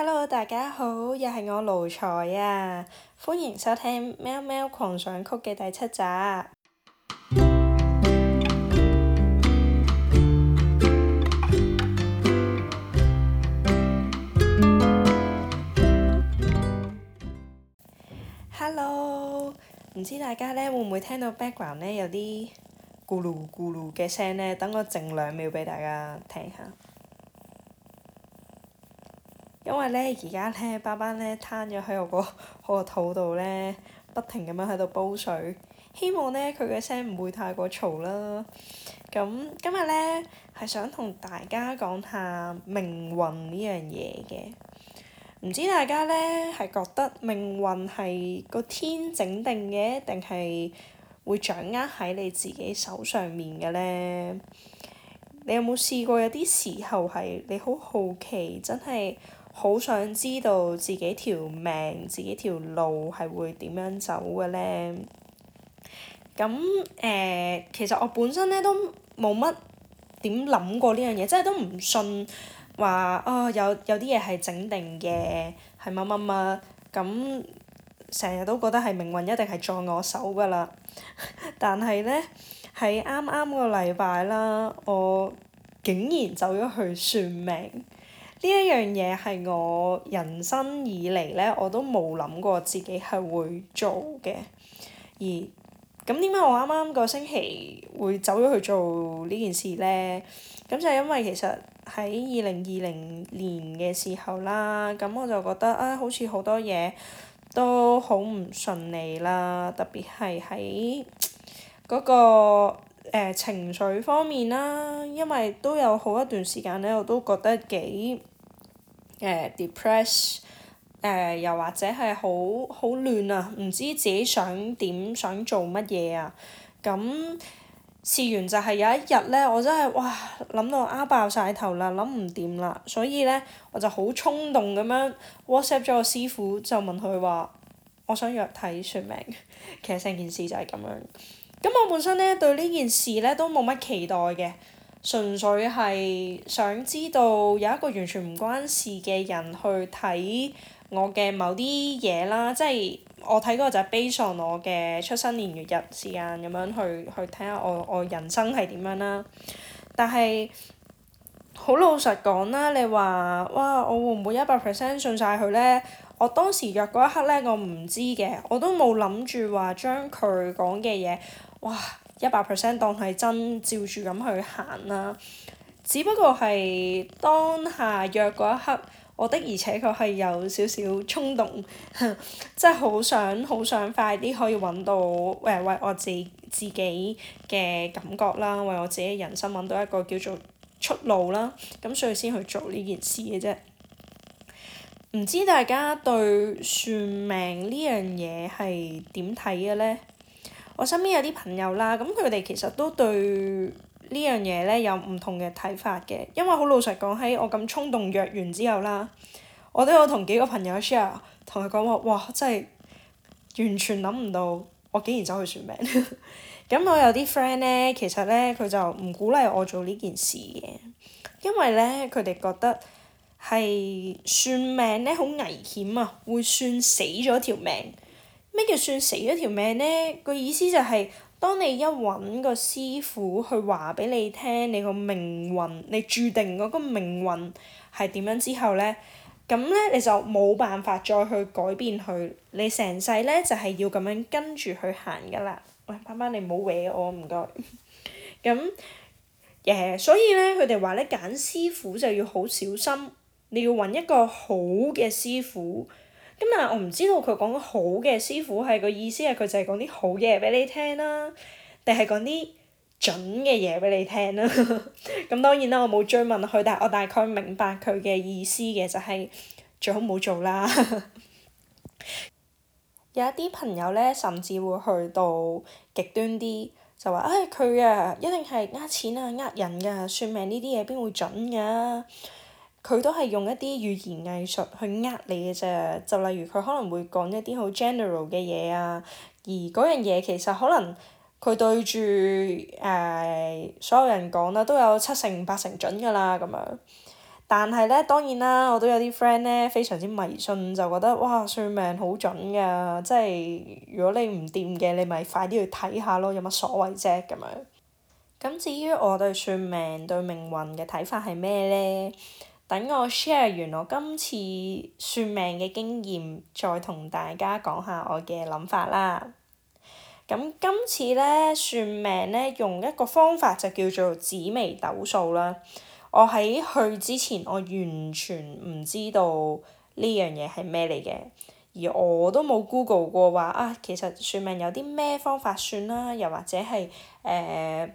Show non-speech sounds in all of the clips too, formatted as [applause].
Hello，大家好，又係我奴才啊，歡迎收聽《喵喵狂想曲》嘅第七集。Hello，唔知大家呢會唔會聽到 background 呢有啲咕嚕咕嚕嘅聲呢？等我靜兩秒俾大家聽下。因為咧，而家咧，爸爸咧，攤咗喺我個我個肚度咧，不停咁樣喺度煲水。希望咧，佢嘅聲唔會太過嘈啦。咁、嗯、今日咧，係想同大家講下命運呢樣嘢嘅。唔知大家咧係覺得命運係個天整定嘅，定係會掌握喺你自己手上面嘅咧？你有冇試過？有啲時候係你好好奇，真係～好想知道自己條命、自己條路係會點樣走嘅咧？咁誒、呃，其實我本身咧都冇乜點諗過呢樣嘢，即係都唔信話啊、哦、有有啲嘢係整定嘅，係乜乜乜。咁成日都覺得係命運一定係在我手㗎啦。但係咧，喺啱啱個禮拜啦，我竟然走咗去算命。呢一樣嘢係我人生以嚟呢，我都冇諗過自己係會做嘅。而咁點解我啱啱個星期會走咗去做呢件事呢？咁就係因為其實喺二零二零年嘅時候啦，咁我就覺得啊、哎，好似好多嘢都好唔順利啦，特別係喺嗰個、呃、情緒方面啦，因為都有好一段時間呢，我都覺得幾～誒 depress，誒，uh, Dep ress, uh, 又或者係好好亂啊，唔知自己想點，想做乜嘢啊，咁試完就係有一日咧，我真係哇諗到啱爆晒頭啦，諗唔掂啦，所以咧我就好衝動咁樣 WhatsApp 咗我師傅，就問佢話我想約睇算命。 [laughs] 」其實成件事就係咁樣，咁我本身咧對呢件事咧都冇乜期待嘅。純粹係想知道有一個完全唔關事嘅人去睇我嘅某啲嘢啦，即係我睇嗰就係 base on 我嘅出生年月日時間咁樣去去睇下我我人生係點樣啦。但係好老實講啦，你話哇，我會唔會一百 percent 信晒佢呢？我當時約嗰一刻呢，我唔知嘅，我都冇諗住話將佢講嘅嘢，哇，一百 percent 當係真，照住咁去行啦、啊。只不過係當下約嗰一刻，我的而且確係有少少衝動，即係好想好想快啲可以揾到誒為我自自己嘅感覺啦，為我自己嘅人生揾到一個叫做出路啦。咁所以先去做呢件事嘅啫。唔知大家對算命呢樣嘢係點睇嘅呢？我身邊有啲朋友啦，咁佢哋其實都對呢樣嘢呢有唔同嘅睇法嘅，因為好老實講喺我咁衝動約完之後啦，我都有同幾個朋友 share，同佢講話，哇，真係完全諗唔到我竟然走去算命。咁 [laughs] 我有啲 friend 呢，其實呢，佢就唔鼓勵我做呢件事嘅，因為呢，佢哋覺得係算命呢，好危險啊，會算死咗條命。咩叫算死咗條命呢？個意思就係、是，當你一揾個師傅去話俾你聽，你個命運，你注定嗰個命運係點樣之後呢，咁呢，你就冇辦法再去改變佢，你成世呢，就係、是、要咁樣跟住去行噶啦。喂，斑斑你唔好搲我，唔該。咁， [laughs] 誒、yeah，所以呢，佢哋話呢，揀師傅就要好小心，你要揾一個好嘅師傅。咁但我唔知道佢講好嘅師傅係個意思係佢就係講啲好嘅嘢俾你聽啦，定係講啲準嘅嘢俾你聽啦。咁 [laughs] 當然啦，我冇追問佢，但係我大概明白佢嘅意思嘅，就係、是、最好唔好做啦。 [laughs] 有一啲朋友咧，甚至會去到極端啲，就話：「唉、哎，佢啊，一定係呃錢啊、呃人㗎、啊、算命呢啲嘢，邊會準㗎？佢都係用一啲語言藝術去呃你嘅啫，就例如佢可能會講一啲好 general 嘅嘢啊，而嗰樣嘢其實可能佢對住誒、呃、所有人講啦，都有七成八成準㗎喇咁樣。但係咧，當然啦，我都有啲 friend 咧，非常之迷信，就覺得哇，算命好準㗎，即係如果你唔掂嘅，你咪快啲去睇下咯，有乜所謂啫咁樣。咁至於我對算命對命運嘅睇法係咩咧？等我 share 完我今次算命嘅經驗，再同大家講下我嘅諗法啦。咁今次呢，算命呢，用一個方法就叫做紫微斗數啦。我喺去之前，我完全唔知道呢樣嘢係咩嚟嘅，而我都冇 Google 過話啊，其實算命有啲咩方法算啦，又或者係誒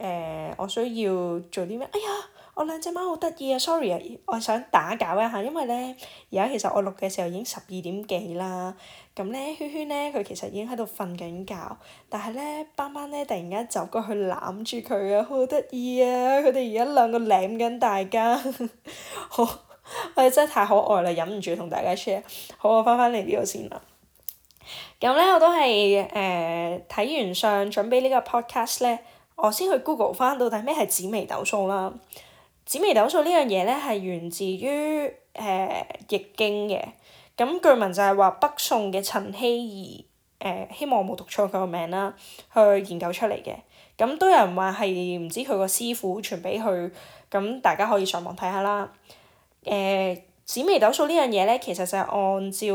誒，我需要做啲咩？哎呀！我兩隻貓好得意啊！sorry 啊，我想打攪一下，因為咧而家其實我錄嘅時候已經十二點幾啦。咁咧圈圈咧佢其實已經喺度瞓緊覺，但係咧斑斑咧突然間走過去攬住佢啊，好得意啊！佢哋而家兩個攬緊大家， [laughs] 好，我哋真係太可愛啦，忍唔住同大家 share。好，我翻返嚟呢度先啦。咁咧我都係誒睇完相，準備呢個 podcast 咧，我先去 Google 翻到到底咩係紫微斗數啦。紫微斗數呢樣嘢呢係源自於誒易經嘅，咁據聞就係話北宋嘅陳希夷誒、呃，希望我冇讀錯佢個名啦，去研究出嚟嘅，咁都有人話係唔知佢個師傅傳俾佢，咁大家可以上網睇下啦。誒、呃，紫微斗數呢樣嘢呢，其實就係按照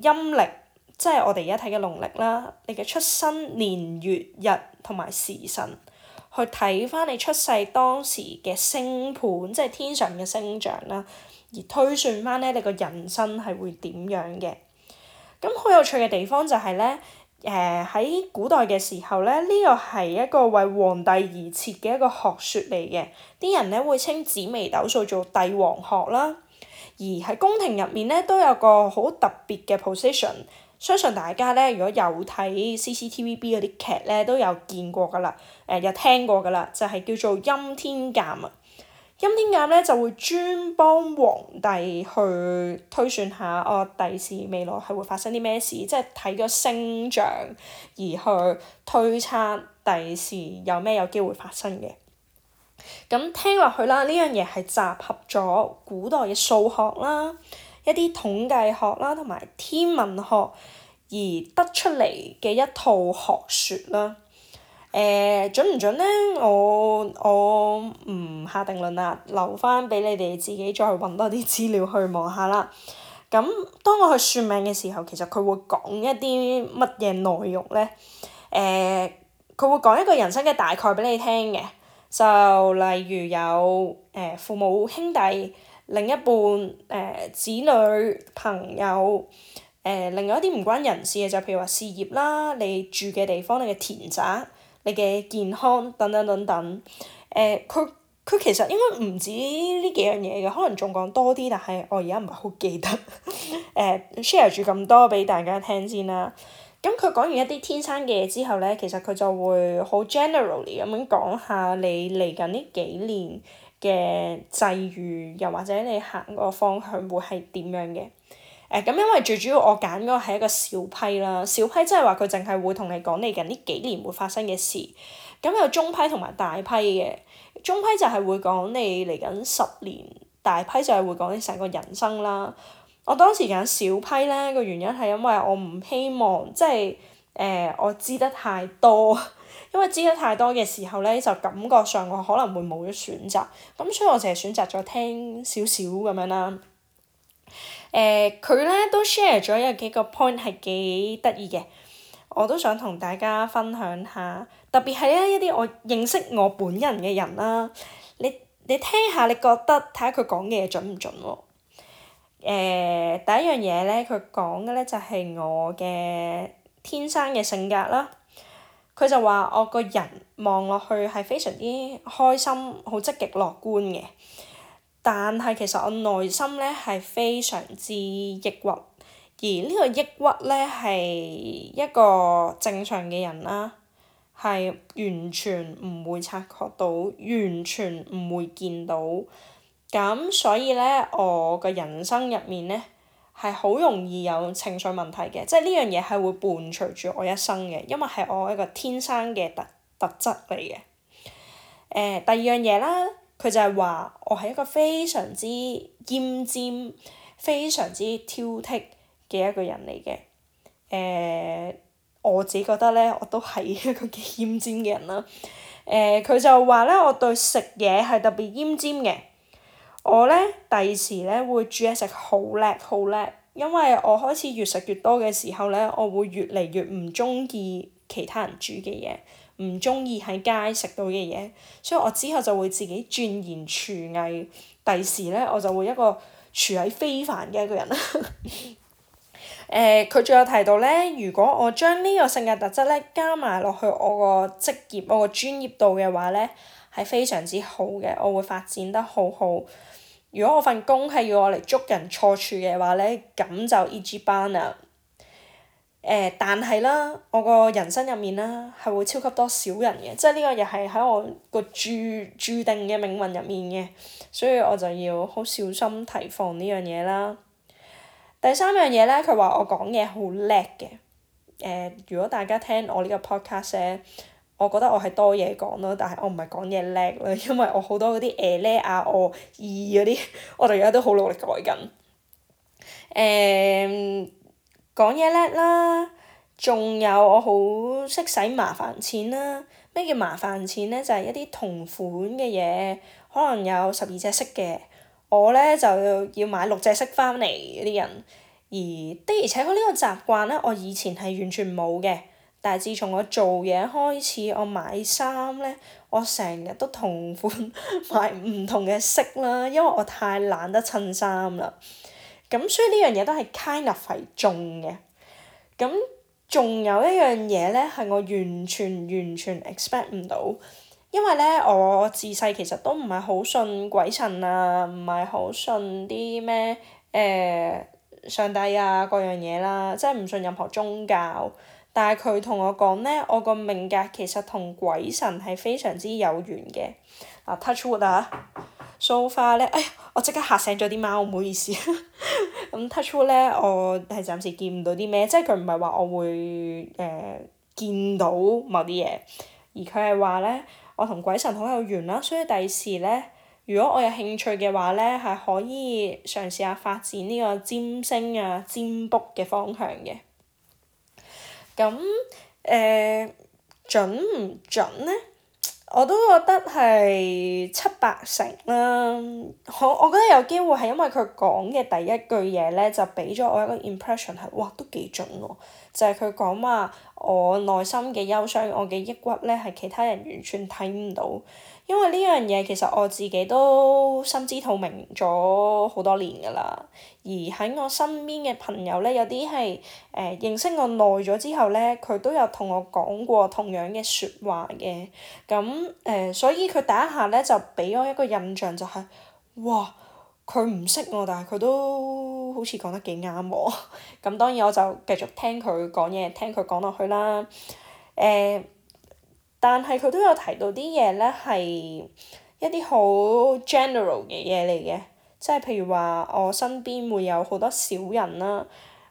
陰曆，即係我哋而家睇嘅農曆啦，你嘅出生年月日同埋時辰。去睇翻你出世當時嘅星盤，即係天上嘅星象啦，而推算翻咧你個人生係會點樣嘅。咁好有趣嘅地方就係、是、咧，誒、呃、喺古代嘅時候咧，呢、這個係一個為皇帝而設嘅一個學説嚟嘅，啲人咧會稱紫微斗數做帝王學啦。而喺宮廷入面咧都有個好特別嘅 position，相信大家咧如果有睇 CCTV B 嗰啲劇咧都有見過㗎啦。誒有、呃、聽過㗎啦，就係、是、叫做欽天監啊。欽天監咧就會專幫皇帝去推算下哦，第時未來係會發生啲咩事，即係睇個星象而去推測第時有咩有機會發生嘅。咁、嗯、聽落去啦，呢樣嘢係集合咗古代嘅數學啦、一啲統計學啦同埋天文學而得出嚟嘅一套學説啦。誒準唔準咧？我我唔下定論啦，留翻俾你哋自己再揾多啲資料去望下啦。咁當我去算命嘅時候，其實佢會講一啲乜嘢內容咧？誒，佢會講一個人生嘅大概俾你聽嘅，就例如有誒、呃、父母、兄弟、另一半、誒、呃、子女、朋友，誒、呃、另外一啲唔關人事嘅，就譬如話事業啦，你住嘅地方、你嘅田宅，你嘅健康等等等等，誒、呃，佢佢其實應該唔止呢幾樣嘢嘅，可能仲講多啲，但係我而家唔係好記得誒 share 住咁多俾大家聽先啦。咁佢講完一啲天生嘅嘢之後咧，其實佢就會好 generally 咁樣講下你嚟緊呢幾年嘅際遇，又或者你行個方向會係點樣嘅。誒咁，因為最主要我揀嗰個係一個小批啦，小批即係話佢淨係會同你講你近呢幾年會發生嘅事。咁有中批同埋大批嘅，中批就係會講你嚟緊十年，大批就係會講你成個人生啦。我當時揀小批咧，個原因係因為我唔希望即係誒我知得太多， [laughs] 因為知得太多嘅時候咧，就感覺上我可能會冇咗選擇。咁所以我淨係選擇咗聽少少咁樣啦。誒佢咧都 share 咗有幾個 point 係幾得意嘅，我都想同大家分享下，特別係咧一啲我認識我本人嘅人啦，你你聽下你覺得睇下佢講嘅嘢準唔準喎？誒第一樣嘢咧，佢講嘅咧就係我嘅天生嘅性格啦，佢就話我個人望落去係非常之開心，好積極樂觀嘅。但係其實我內心咧係非常之抑鬱，而呢個抑鬱咧係一個正常嘅人啦、啊，係完全唔會察覺到，完全唔會見到。咁所以咧，我嘅人生入面咧係好容易有情緒問題嘅，即係呢樣嘢係會伴隨住我一生嘅，因為係我一個天生嘅特特質嚟嘅。誒、呃，第二樣嘢啦。佢就係話我係一個非常之奄尖、非常之挑剔嘅一個人嚟嘅。誒、呃，我自己覺得咧，我都係一個幾奄尖嘅人啦。誒、呃，佢就話咧，我對食嘢係特別奄尖嘅。我咧第二時咧會煮嘢食好叻好叻，因為我開始越食越多嘅時候咧，我會越嚟越唔中意其他人煮嘅嘢。唔中意喺街食到嘅嘢，所以我之後就會自己鑽研廚藝，第時呢，我就會一個廚藝非凡嘅一個人。誒、 [laughs] 呃，佢仲有提到呢：「如果我將呢個性格特質呢加埋落去我個職業、我個專業度嘅話呢，係非常之好嘅，我會發展得好好。如果我份工係要我嚟捉人錯處嘅話呢，咁就易啲啲啦。但係啦，我個人生入面啦，係會超級多少人嘅多小人，即係呢個又係喺我個註註定嘅命運入面嘅，所以我就要好小心提防呢樣嘢啦。第三樣嘢呢，佢話我講嘢好叻嘅。如果大家聽我呢個 podcast 咧，我覺得我係多嘢講咯，但係我唔係講嘢叻啦，因為我好多嗰啲誒叻啊我二啲，我哋而家都好努力改緊。呃講嘢叻啦，仲有我好識使麻煩錢啦。咩叫麻煩錢呢？就係一啲同款嘅嘢，可能有十二隻色嘅，我呢，就要買六隻色翻嚟嗰啲人。而的而且確呢個習慣呢，我以前係完全冇嘅。但係自從我做嘢開始，我買衫呢，我成日都同款 [laughs] 買唔同嘅色啦，因為我太懶得襯衫啦。咁所以呢樣嘢都係 kind of 係中嘅，咁仲有一樣嘢呢，係我完全完全 expect 唔到，因為呢，我自細其實都唔係好信鬼神啊，唔係好信啲咩誒上帝啊各樣嘢啦，啊，即係唔信任何宗教。但係佢同我講呢，我個命格其實同鬼神係非常之有緣嘅，嗱 Touch wood 啊，uh！sofa 咧，so far, 哎呀，我即刻嚇醒咗啲貓，唔好意思。咁 [laughs] touch w 我係暫時見唔到啲咩，即係佢唔係話我會誒、呃、見到某啲嘢，而佢係話呢，我同鬼神好有緣啦，所以第時呢，如果我有興趣嘅話呢，係可以嘗試下發展呢個占星啊、占卜嘅方向嘅。咁誒、呃、準唔準呢？我都覺得係七八成啦、啊，好，我覺得有機會係因為佢講嘅第一句嘢咧，就俾咗我一個 impression 係，哇，都幾準喎、啊，就係佢講話，我內心嘅憂傷，我嘅抑鬱咧，係其他人完全睇唔到，因為呢樣嘢其實我自己都心知肚明咗好多年㗎啦。而喺我身邊嘅朋友咧，有啲係誒認識我耐咗之後咧，佢都有同我講過同樣嘅説話嘅。咁誒、呃，所以佢第一下咧就俾我一個印象就係、是，哇！佢唔識我，但係佢都好似講得幾啱我。咁 [laughs] 當然我就繼續聽佢講嘢，聽佢講落去啦。誒、呃，但係佢都有提到啲嘢，呢係一啲好 general 嘅嘢嚟嘅，即係譬如話我身邊會有好多小人啦。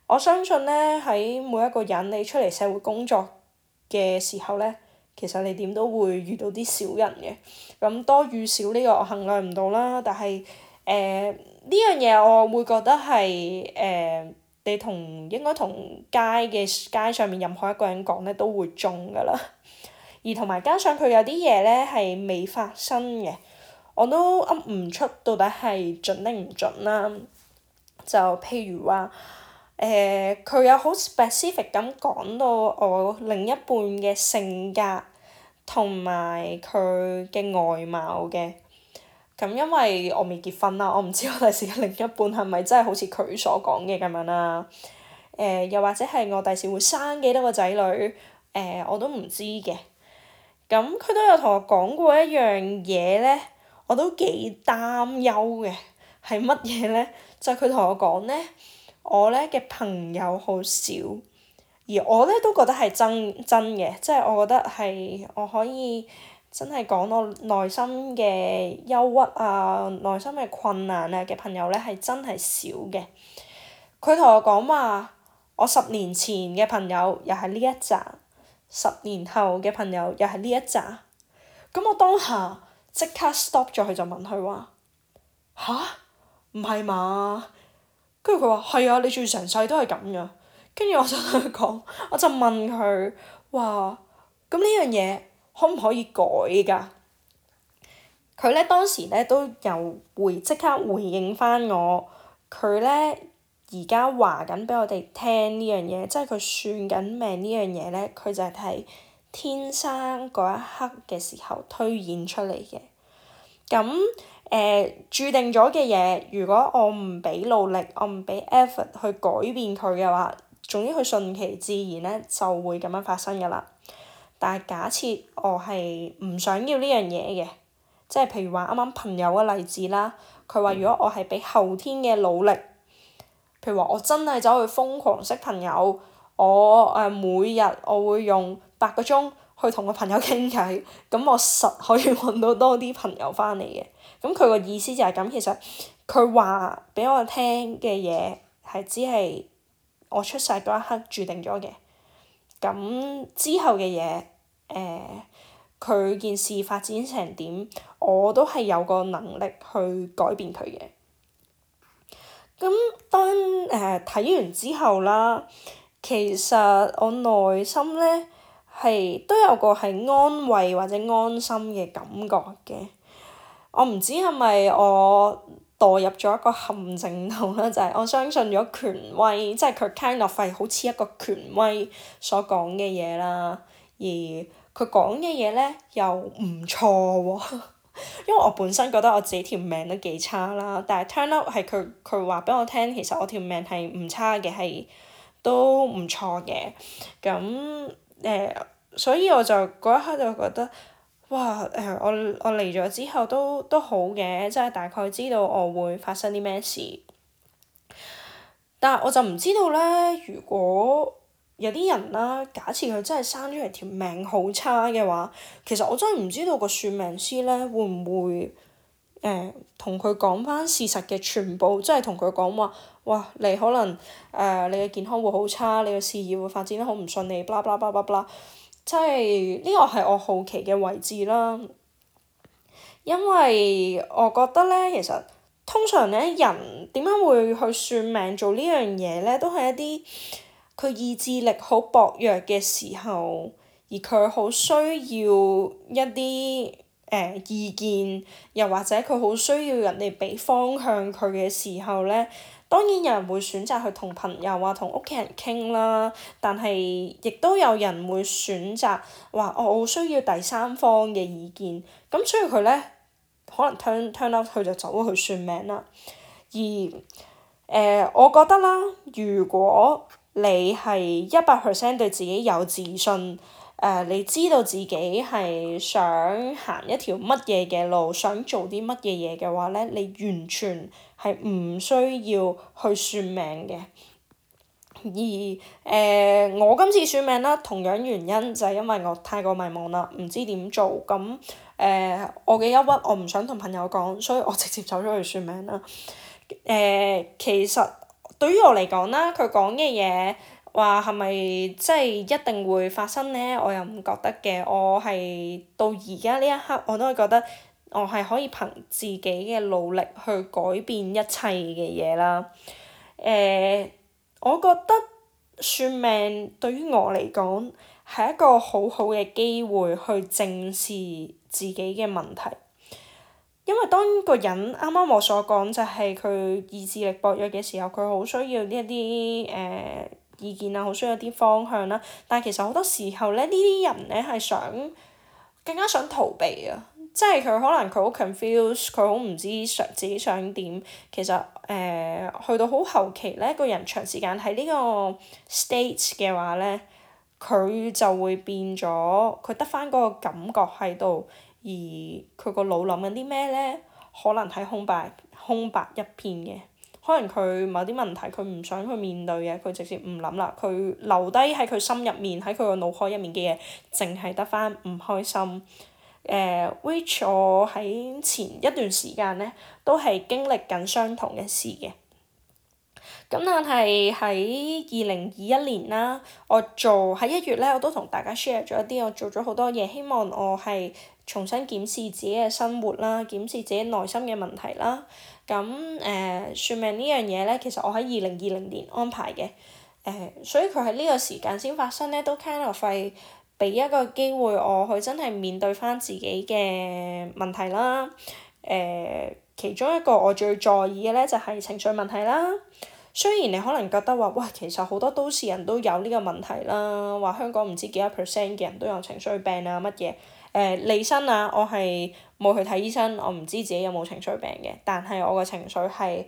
我相信呢，喺每一個人你出嚟社會工作嘅時候呢，其實你點都會遇到啲小人嘅。咁多與少呢個我衡量唔到啦，但係。誒，呢樣嘢我會覺得係誒、呃、你同應該同街嘅街上面任何一個人講呢，都會中㗎啦，而同埋加上佢有啲嘢呢係未發生嘅，我都噏唔出到底係準定唔準啦。就譬如話，誒、呃、佢有好 specific 咁講到我另一半嘅性格同埋佢嘅外貌嘅。咁因為我未結婚啦，我唔知我第時嘅另一半係咪真係好似佢所講嘅咁樣啦。誒、呃，又或者係我第時會生幾多個仔女？誒、呃，我都唔知嘅。咁、嗯、佢都有同我講過一樣嘢咧，我都幾擔憂嘅。係乜嘢咧？就係佢同我講咧，我咧嘅朋友好少，而我咧都覺得係真真嘅，即係我覺得係我可以。真係講到內心嘅憂鬱啊，內心嘅困難啊嘅朋友呢，係真係少嘅。佢同我講話，我十年前嘅朋友又係呢一紮，十年後嘅朋友又係呢一紮。咁我當下即刻 stop 咗佢，就問佢話：吓？唔係嘛？跟住佢話：係啊，你仲要成世都係咁嘅。跟住我就同佢講，我就問佢話：咁呢樣嘢，可唔可以改噶？佢呢當時呢，都又回即刻回應翻我。佢呢而家話緊俾我哋聽呢樣嘢，即係佢算緊命呢樣嘢呢，佢就係睇天生嗰一刻嘅時候推演出嚟嘅。咁誒，註定咗嘅嘢，如果我唔俾努力，我唔俾 effort 去改變佢嘅話，總之佢順其自然呢就會咁樣發生噶啦。但係假設我係唔想要呢樣嘢嘅，即係譬如話啱啱朋友嘅例子啦，佢話如果我係俾後天嘅努力，譬如話我真係走去瘋狂識朋友，我誒、呃、每日我會用八個鐘去同個朋友傾偈，咁我實可以搵到多啲朋友翻嚟嘅。咁佢個意思就係咁，其實佢話俾我聽嘅嘢係只係我出世嗰一刻注定咗嘅。咁之後嘅嘢，呃、佢件事發展成點，我都係有個能力去改變佢嘅。咁當、呃、睇完之後啦，其實我內心呢，係都有個係安慰或者安心嘅感覺嘅。我唔知係咪我墮入咗一個陷阱度啦，就係、是、我相信咗權威，即係佢 kind of is like 好似一個權威所講嘅嘢啦，而佢講嘅嘢呢又唔錯喎， [laughs] 因為我本身覺得我自己條命都幾差啦，但係 turn up 係佢佢話俾我聽，其實我條命係唔差嘅，係都唔錯嘅，咁誒、呃，所以我就嗰一刻就覺得。哇！誒、呃，我我嚟咗之後都都好嘅，即係大概知道我會發生啲咩事。但係我就唔知道咧，如果有啲人啦，假設佢真係生出嚟條命好差嘅話，其實我真係唔知道個算命師咧會唔會誒同佢講翻事實嘅全部，即係同佢講話，哇！你可能誒、呃、你嘅健康會好差，你嘅事業會發展得好唔順利，blah b 即係呢個係我好奇嘅位置啦，因為我覺得呢，其實通常呢，人點樣會去算命做呢樣嘢呢，都係一啲佢意志力好薄弱嘅時候，而佢好需要一啲、呃、意見，又或者佢好需要人哋俾方向佢嘅時候呢。當然有人會選擇去同朋友啊、同屋企人傾啦，但係亦都有人會選擇話、哦、我需要第三方嘅意見，咁所以佢咧可能 turn turn up 佢就走咗去算命啦。而，誒、呃，我覺得啦，如果你係一百 percent 對自己有自信，誒、呃，你知道自己係想行一條乜嘢嘅路，想做啲乜嘢嘢嘅話咧，你完全。係唔需要去算命嘅，而誒、呃、我今次算命啦，同樣原因就係因為我太過迷茫啦，唔知點做咁，誒、呃，我嘅憂鬱我唔想同朋友講，所以我直接走咗去算命啦。誒、呃，其實對於我嚟講啦，佢講嘅嘢話係咪即係一定會發生呢？我又唔覺得嘅，我係到而家呢一刻我都係覺得。我係可以憑自己嘅努力去改變一切嘅嘢啦。誒、呃，我覺得算命對於我嚟講係一個好好嘅機會去正視自己嘅問題。因為當個人啱啱我所講就係佢意志力薄弱嘅時候，佢好需要呢一啲誒、呃、意見啊，好需要啲方向啦。但係其實好多時候呢，呢啲人呢，係想更加想逃避啊。即係佢可能佢好 confuse 佢好唔知想自己想點。其實誒、呃，去到好後期呢，個人長時間喺呢個 states 嘅話呢，佢就會變咗，佢得翻嗰個感覺喺度，而佢個腦諗緊啲咩呢？可能係空白，空白一片嘅。可能佢某啲問題佢唔想去面對嘅，佢直接唔諗啦。佢留低喺佢心入面，喺佢個腦海入面嘅嘢，淨係得翻唔開心。誒、uh,，which 我喺前一段時間呢都係經歷緊相同嘅事嘅。咁但係喺二零二一年啦，我做喺一月呢，我都同大家 share 咗一啲我做咗好多嘢，希望我係重新檢視自己嘅生活啦，檢視自己內心嘅問題啦。咁誒，uh, 算命呢樣嘢呢，其實我喺二零二零年安排嘅，誒、uh,，所以佢喺呢個時間先發生呢都 kind of。俾一個機會我去真係面對翻自己嘅問題啦，誒、呃，其中一個我最在意嘅呢，就係情緒問題啦。雖然你可能覺得話，哇，其實好多都市人都有呢個問題啦，話香港唔知幾多 percent 嘅人都有情緒病啊乜嘢？誒，利、呃、申啊，我係冇去睇醫生，我唔知自己有冇情緒病嘅，但係我嘅情緒係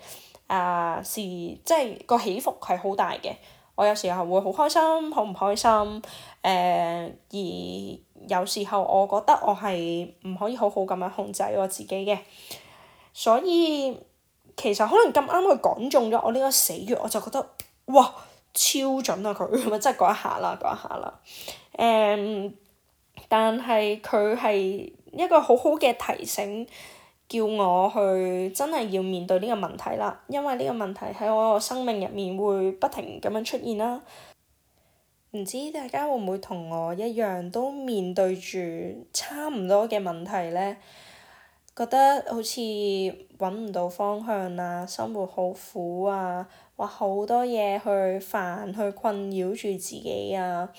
啊是、呃、是即係個起伏係好大嘅。我有時候會好開心，好唔開心，誒、uh，而有時候我覺得我係唔可以好好咁樣控制我自己嘅，所以其實可能咁啱佢講中咗我呢個死穴，我就覺得哇，超準啊，佢咁啊，即係嗰一下啦，嗰一下啦，誒、um，但係佢係一個好好嘅提醒。叫我去真係要面對呢個問題啦，因為呢個問題喺我生命入面會不停咁樣出現啦。唔知大家會唔會同我一樣都面對住差唔多嘅問題咧？覺得好似揾唔到方向啊，生活好苦啊，話好多嘢去煩去困擾住自己啊～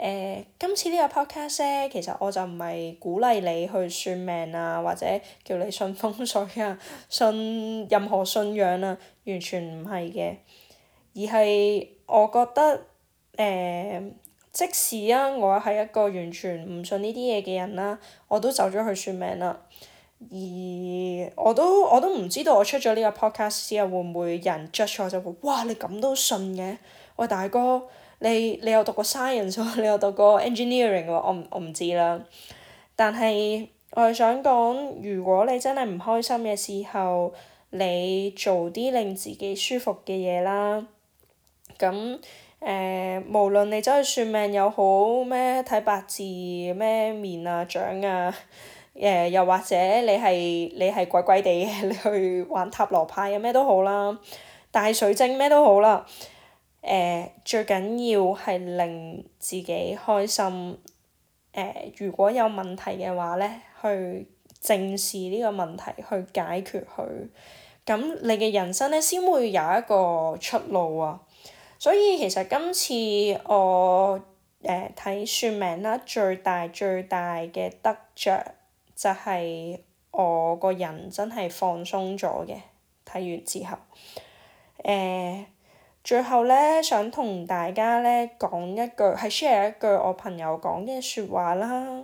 呃、今次呢個 podcast 咧，其實我就唔係鼓勵你去算命啊，或者叫你信風水啊，信任何信仰啊，完全唔係嘅。而係我覺得、呃，即使啊，我係一個完全唔信呢啲嘢嘅人啦、啊，我都走咗去算命啦。而我都我都唔知道我出咗呢個 podcast 之後會唔會有人 judge 我，就會，哇！你咁都信嘅，喂，大哥。你你有讀過 science，你有讀過 engineering 喎，我唔我唔知啦。但係我係想講，如果你真係唔開心嘅時候，你做啲令自己舒服嘅嘢啦。咁誒、呃，無論你走去算命又好，咩睇八字咩面啊掌啊，誒、呃、又或者你係你係鬼鬼地嘅，你去玩塔羅牌啊咩都好啦，戴水晶咩都好啦。誒，uh, 最緊要係令自己開心。誒、uh，如果有問題嘅話，咧，去正視呢個問題，去解決佢。咁你嘅人生咧，先會有一個出路啊！所以其實今次我誒睇、uh, 算命啦，最大最大嘅得着就係我個人真係放鬆咗嘅，睇完之後，誒、uh,。最後呢，想同大家呢講一句，係 share 一句我朋友講嘅説話啦，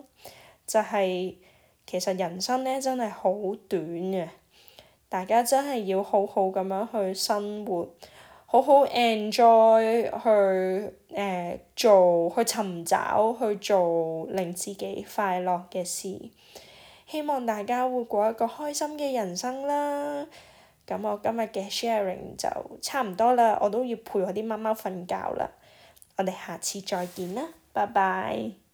就係、是、其實人生呢真係好短嘅，大家真係要好好咁樣去生活，好好 enjoy 去誒、呃、做去尋找去做令自己快樂嘅事，希望大家會過一個開心嘅人生啦～咁我今日嘅 sharing 就差唔多啦，我都要陪我啲貓貓瞓覺啦，我哋下次再見啦，拜拜。